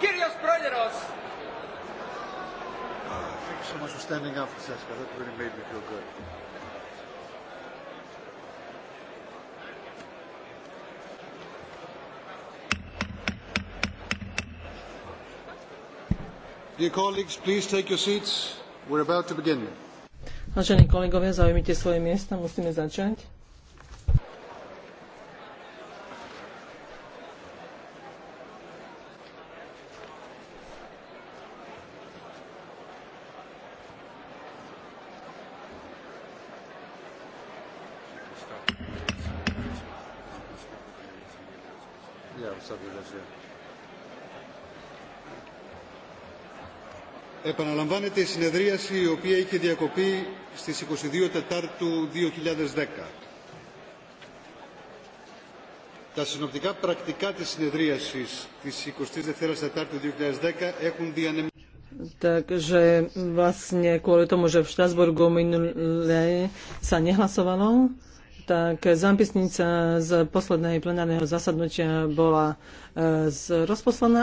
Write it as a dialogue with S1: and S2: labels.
S1: Kyrios Πρόεδρος.
S2: Thank you so much for standing up, Francesca. That really made me feel good.
S3: Dear colleagues,
S4: please take your seats. We're about to begin.
S5: Vážení kolegovia, zaujímite svoje miesta, musíme začať.
S6: Yeah,
S3: Επαναλαμβάνεται η συνεδρίαση η οποία είχε διακοπεί στις 22 Τετάρτου 2010. Τα συνοπτικά πρακτικά της συνεδρίασης της 22 Τετάρτου 2010 έχουν διανεμηθεί.
S5: Takže vlastne kvôli tomu, že v Štrasburgu minulé sa nehlasovalo, tak zápisnica z poslednej plenárneho zasadnutia bola e, rozposlaná.